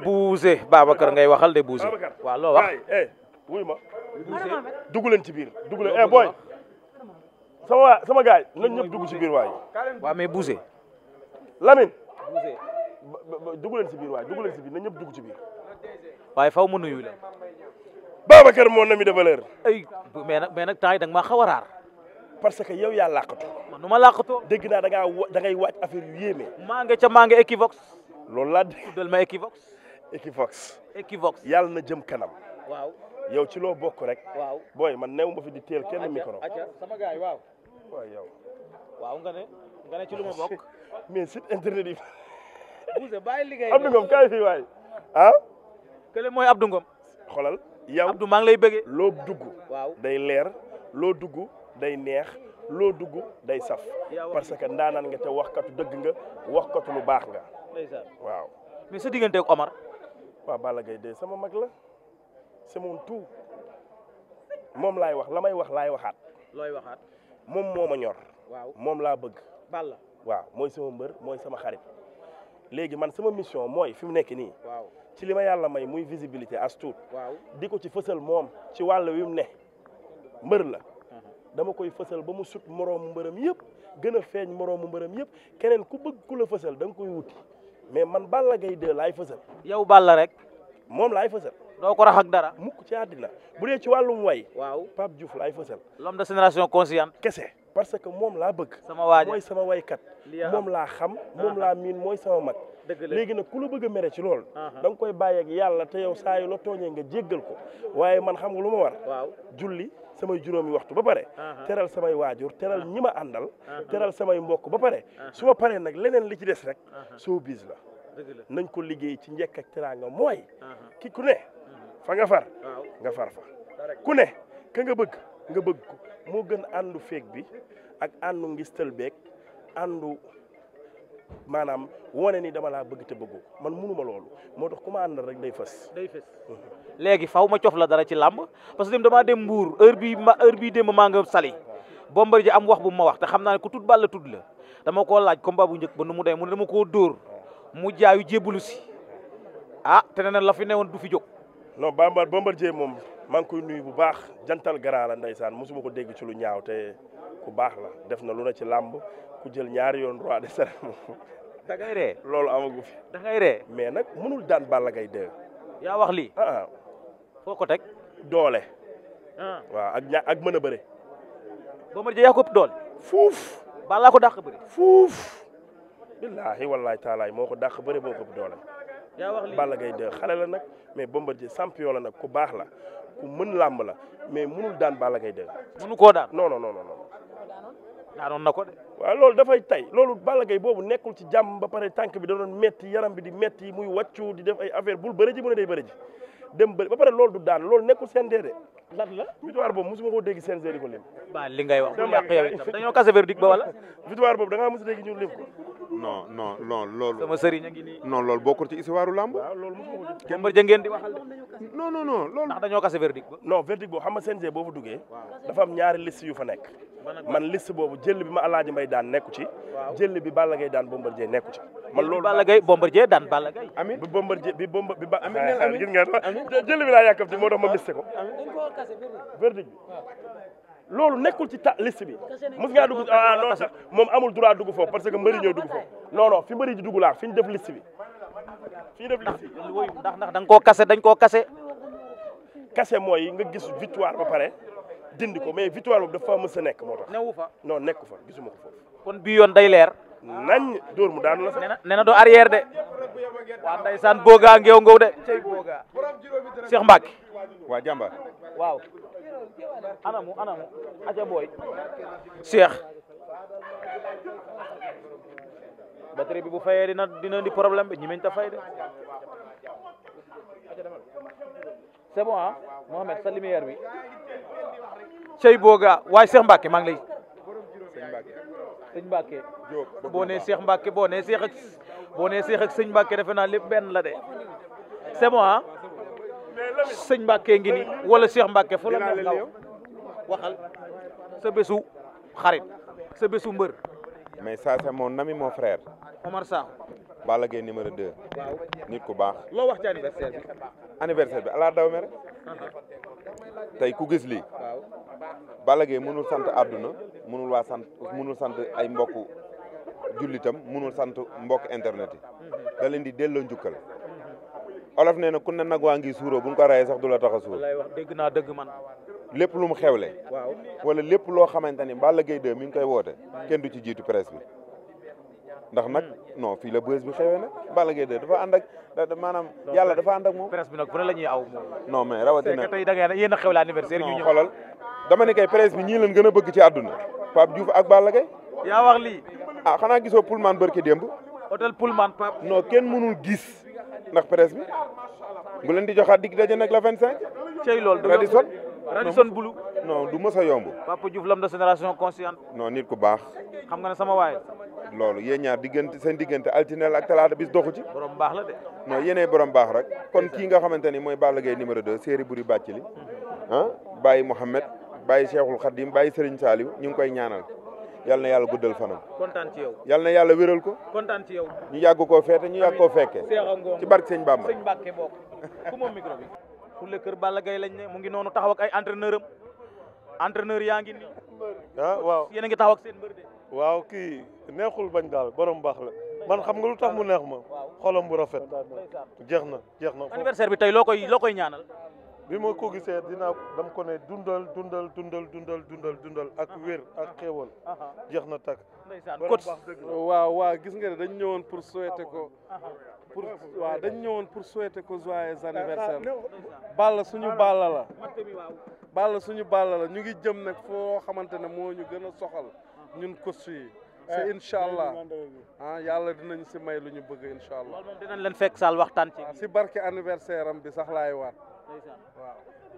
buuse Babacar ngay waxal de buuse waaw loo wax wuy ma dugg leen ci biir dugg leen eh booy sama sama gaay nañ ñëpp dugg ci biir waa waaw mais buuse Lamine dugg leen ci biir waay dugg leen ci biir nañ ñëpp ci biir waaye faw ma nuyu la Babacar moo na mi de valeur ay mais nag mais da nga maa xaw a parce que yow yaa làqatu man nu ma làqatoo dégg naa da ngaa da ngay wàcc affaire yu yéeme maa ca maa nga Equivox loolu ma Equivox Equivox. Equivox yàlla na jëm kanam. waaw yow ci loo bokk rek. waaw booy man néew ma fi di teel kenn micro. acca sama gars yi waaw. waaw yow. waaw nga ne nga ne ci lu ma bokk. mais site internet yi. Boucher bàyyi liggéey Abdou Ngom kaay fii waay ah. kële mooy Abdou Ngom. xoolal yow Abdou maa lay bëggee. loo dugg. waaw day leer loo dugg day neex. loo dugg day saf parce que ndaanaan nga te waxkatu dëgg nga wax katu lu baax nga waaw mais sa diggante ak Omar waaw Balla gay de sama mag la c'est mon tout moom laay wax la may wax laay waxaat. looy waxaat. moom moo ma ñor. waaw moom laa bëgg. Balla waaw mooy sama mbër mooy sama xarit léegi man sama mission mooy fi mu nekk nii. waaw ci li ma yàlla may muy visibilité as tuut. waaw di ko ci fësal moom ci wàll wi mu ne mbër la. Uh-huh. dama koy fësal ba mu sut moroomu mbëram yëpp gën a feeñ moroomu mbëram yëpp keneen ku bëgg ku la fësal danga koy wuti. mais man la gay Gaye 2 laay fësal. yow la rek. moom laay fësal. doo ko rax dara. mukk ci àddina bu dee ci wàllum way. waaw Pape Diouf laay fësal. l'homme de génération consciente. kese parce que moom laa bëgg. sama waaj mooy sama waykat. moom laa xam ah. moom laa miin mooy sama mag. léegi nag ku la bëgg a mere ci loolu da koy bàyyi yàlla te yow saa la tooñee nga jéggal ko waaye man xam nga lu ma war waaw julli samay juróomi waxtu ba pare teral samay waajur teral ñi ma àndal teral samay mbokk ba pare su ma paree nag leneen li ci des rek soo biis la nañ ko liggéey ci njekk ak teraanga mooy ki ku ne fa nga far nga far fa ku ne ka nga bëgg nga bëgg ko moo gën àndu feeg bi ak àndu ngistal beeg àndu maanaam wane ni dama laa bëgg te bëggu man munuma loolu moo tax ku ma àndal rek day fës. day fës mhm. léegi faw ma cof la dara ci làmb parce que damaa dem mbuur heure bii ma heure bii démb maa nga sali Bombardier ji am wax bu ma wax te xam naa ne ku tut balla tut la dama koo laaj combat bu njëkk ba nu mu demee mu dama koo dóor mu jaayu jébbalu si ah te ne la fi newoon du fi jóg. non Bombardier moom maa ngi koy nuyu bu baax jantal garaa la ndeysaan mosuma ko dégg ci lu ñaaw te. ku baax la def na lu na ci làmb ku jël ñaari yoon roi des arènes da ngay ree loolu amagu fi da ree mais nag mënul daan Balla gay 2 yaa wax lii ah, ah foo ko teg doole ah. waaw ak mën a bëre Bombardier yaa ko ëpp doole fuuf Balla ko dàq bëre fuuf billaahi wallaahi taalaay moo ko dàq bëre moo ko ëpp doole yaa wax lii xale la nag mais Bombardier champion la nag ku baax la ku mën làmb la mais mënul daan Balla gay 2 mënu koo daan daanoon na ko de. waaw loolu dafay tay loolu Balla boobu nekkul ci jàmm ba pare tànk bi da doon metti yaram bi di metti muy wàccu di def ay affaire bul bëri ji mu ne day bëri ji dem bëri ba pare loolu du daan loolu nekkul seen dee de. lan la victoire boobu mosuma koo dégg seen di ko lim. ba li wa wax bu yàq yow dañoo kase verdict ba wala. victoire boobu da ngaa mos a dégg ko. non non non loolu. sama sëriñ a ngi nii. non loolu bokkul ci histoire làmb. waaw ngeen di waxal de. non non ndax dañoo kase verdict non verdict boobu xam nga CNG boo fa duggee. dafa am ñaari liste yu fa nekk. man liste boobu jël bi ma Alaaji Mbay daan nekku ci. waaw jël bi Balla Gaye daan Bombardier nekku ci. man lool Balla Gaye Bombardier daan Balla Gaye. bi Bombardier bi bi ba. amiin amiin gis ngeen jël bi ko. amiin bi. loolu nekkul ci ta liste bi mos ngaa sax ah, moom amul droit dugg foofu parce que mbëri ñoo dugg foofu non non fi mbëri ji fi ñu def bi fi ñu def liste bi. ndax ndax dañ koo kase dañ koo kase. kase mooy nga gis victoire ba pare dindi ko mais victoire boobu dafa mës a nekk moo tax. newu fa non nekku fa gisuma ko foofu. kon bii yoon day leer. nañ dóor mu daan la sax. nee na nee na doo arrière de. waa ndeysaan boogaa ngeew ngow de. Cheikh waaw. anamu anamu aca booy Cheikh batterie bi bu fayee dina dina di problème ba ñi ta fay de c'est bon ah sa lumière bi cey booga waaye Cheikh Mbacke maa ngi lay sëñ Mbacke boo nee Cheikh Mbacke boo ne Cheikh ak boo nee Cheikh ak sëñ Mbacke defe naa lépp benn la de c'est bon ah. sëñ Mbacke ngi ni wala Cheikh Mbacke fu la neex nga waxal sa bésu xarit sa bésu mbër. mais ça c'est mon ami mon frère. Omar Sakho. Balla Gaye numéro nit ku baax. loo wax ci bi. anniversaire bi daw mere. Uh-huh. tey ku gis lii. waaw mënul sant àdduna mënul waa sant mënul sant ay mbokk jullitam mënul sant mbokk internet yi. Uh-huh. da leen di delloo njukkal. olof nee na nag waa ngi suuroo bu ko rayee sax du la tax a suur. wallaay wax dëgg naa dëgg xewle. waaw wala lépp loo xamante ni Balla Gaye 2 mi ngi koy woote kenn du ci jiitu presse bi. ndax nag non fii la bës bi xewee nag Balla Gaye 2 dafa ànd da maanaam yàlla dafa ànd ak moom. presse bi nag bu ne la ñuy aw moom. non mais rawatina c'est que da ngeen yéen a xewle anniversaire ñu ñëw xoolal dama ne kay presse bi ñii leen gën a bëgg ci àdduna. Pape Diouf ak Balla Gaye. yaa wax lii. ah xanaa gisoo Pullman barki démb. hôtel Pullman Pape. non kenn mënul gi ndax presse bi bu leen di joxaat dig daje nag la 25. cey loolu du Radisson Radisson Blu. non du mës a yomb. Papa Diouf l'homme de génération consciente. non nit ku baax. xam nga ne sama waay. loolu yee ñaar diggante seen diggante altinel ak talaata bis doxu ci. borom baax la de. non yéenay borom baax rek. kon kii nga xamante ni mooy Balla Gaye numéro 2 séeri buri bàcc li ah Baye Mouhamed Baye Cheikhul Khadim Baye Serigne Saliou ñu ngi koy ñaanal. yal na yàlla guddal fanam. kontaan ci yow. yal na yàlla wéral ko. kontaan ci yow. ñu yàgg koo feete ñu yàgg koo fekkee. ci barke sëñ Bamba. sëñ Mbàkke bokk ku moom micro bi. Fulé kër Balla gay lañ ne mu ngi noonu taxaw ay entraîneur am yaa ngi nii. ah waaw yéen a ngi ak seen mbër waaw kii neexul bañ daal borom baax la man xam nga lu tax mu neex ma xolam bu rafet jeex na jeex na. anniversaire bi tey loo koy loo koy ñaanal. bi ma ko gisee dina dam ko ne dundal dundal dundal dundal dundal dundal ak wér ak xéewal jeex na takk coach waaw waaw gis nga ne dañ ñëwoon pour souhaiter ko pour waaw dañ ñëwoon pour souhaiter ko joyeux anniversaire ah, ah, Balla suñu ah, Balla la Balla suñu Balla la ñu ngi jëm nag foo xamante ne moo ñu gën a soxal ñun coach yi c'est eh, incha allah ah yàlla dinañ si may lu ñu bëgg incha allah dinañ leen fekk saal waxtaan ci si barke anniversaire am bi sax laay waat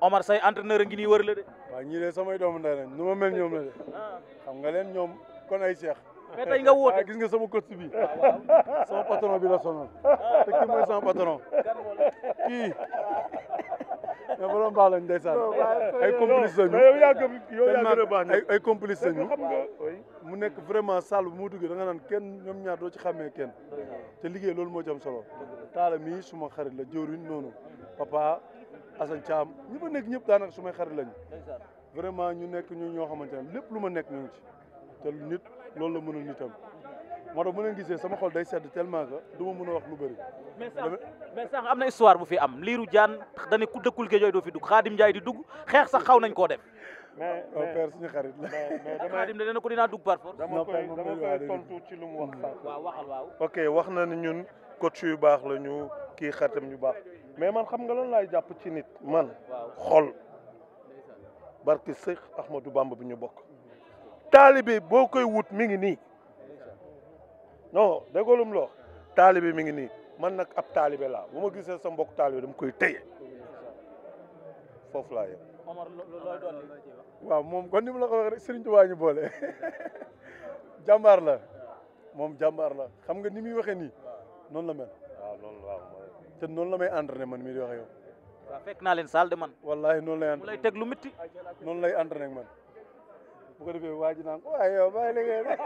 Omar say entraîneur a ngi nii wër la de. waaw ñii samay doomu ndey lañ nu ma mel ñoom la de ah. xam nga leen ñoom kon ay seex. mais tey nga woote ah, gis nga sama coach bi sama patron bi la sonal ah. te kii mooy sama patron kii mais borom baax lañ ay complice lañu mu nekk vraiment salle mu duggee da nga naan kenn ñoom ñaar doo ci xàmmee kenn te liggéey loolu moo jam solo taala mii suma xarit la jëwriñ noonu papa Assane Thiam ñi fa nekk ñëpp daanaka sumay xarit lañu vraiment ñu nekk ñu ñoo xamante ne lépp lu ma nekk ñu ngi ci te loolu la mënul nitam moo tax mën a gisee sama xol day sedd tellement que du ma mën a wax lu bëri. mais sax mais am na histoire bu fi am liiru jaan dañu ku dëkkul géej yooyu doo fi dugg Xaadim Njaay di dugg xeex sax xaw nañ koo def. mais ah, mais père suñu xarit la. mais damay Xaadim dana ko dinaa dugg par force. dama koy dama koy tontu ci lu mu wax. Mm. waaw waxal ok wax na ne ñun coach yu baax la ñu kii xaritam ñu baax. mais man xam nga lan laay jàpp ci nit man xol barki Seex Ahmadou Bamba bi ñu bokk taalibe boo koy wut mi ngi nii non déggolum loo taalibe mi ngi nii man nag ab taalibe laa bu ma gisee sa mbokk taalibe dama koy téye foofu laa yem waaw moom kon ni mu la ko wax rek Sëriñ Tuubaa ñu boole jàmbaar la moom jàmbaar la xam nga ni muy waxee nii noonu la mel te noonu la may entraîné man mii di wax yow. waaw fekk naa leen saal de man. wallaahi noonu lay. mu lay teg lu métti. noonu lay entraîné ak man. bu ko defee waa ji naan ko waaye yow bàyyi liggéey rek.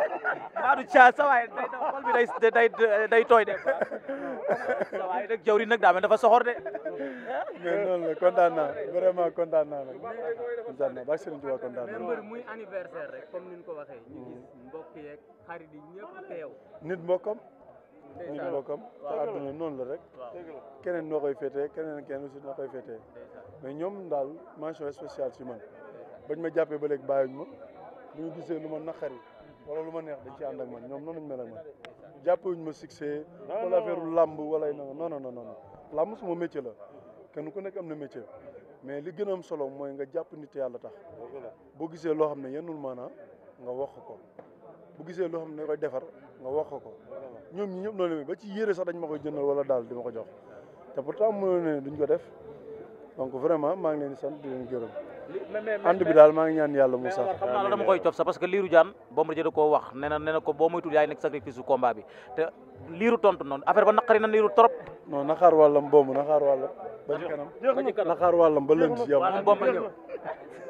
Maodo Thiam sa waay day xol bi day day day tooy de. sa waay nag jawri nag daa mel dafa soxor de. mais noonu la kontaan naa vraiment kontaan naa nag. kontaan naa ba Serigne Touba kontaan naa. mais mbër muy anniversaire rek comme ni ñu ko waxee. ñu gis mbokk yeeg xarit yi ñëpp teew. nit mbokkam. muy melokom te àdduna noonu la rek keneen noo koy féetee keneen keneen aussi noo koy féetee mais ñoom daal mention spéciale si man bañ ma jàppee ba léegi bàyyiwuñ ma bu ñu gisee lu ma naqari wala lu ma neex dañ ci ànd ak man ñoom noonu lañ mel ak man jàppewuñ ma succès wala affaire làmb wala non non non non làmb suma métier la kenn ku nekk am na métier mais li gën a am solo mooy nga jàpp nit yàlla tax boo gisee loo xam ne yennul maanaa nga wax ko bu gisee loo xam ne koy defar nga wax ko ko ñoom ñi ñëpp noonu la ba ci yére sax dañ ma koy jëndal wala daal di ma ko jox te pourtant mënoon ne duñ ko def donc vraiment maa ngi leen di sant di leen gërëm. ànd bi daal maa ngi ñaan yàlla mu sax xam naa la koy cof sax parce que liiru jaan Bombardier da koo wax nee na nee na ko boo moytul yaay nekk sacrifice su combat bi te liiru tontu noonu affaire ba naqari na liiru trop non naxaar wàllam boobu naxaar wàllam ba ci kanam naxaar wàllam ba lënd si yam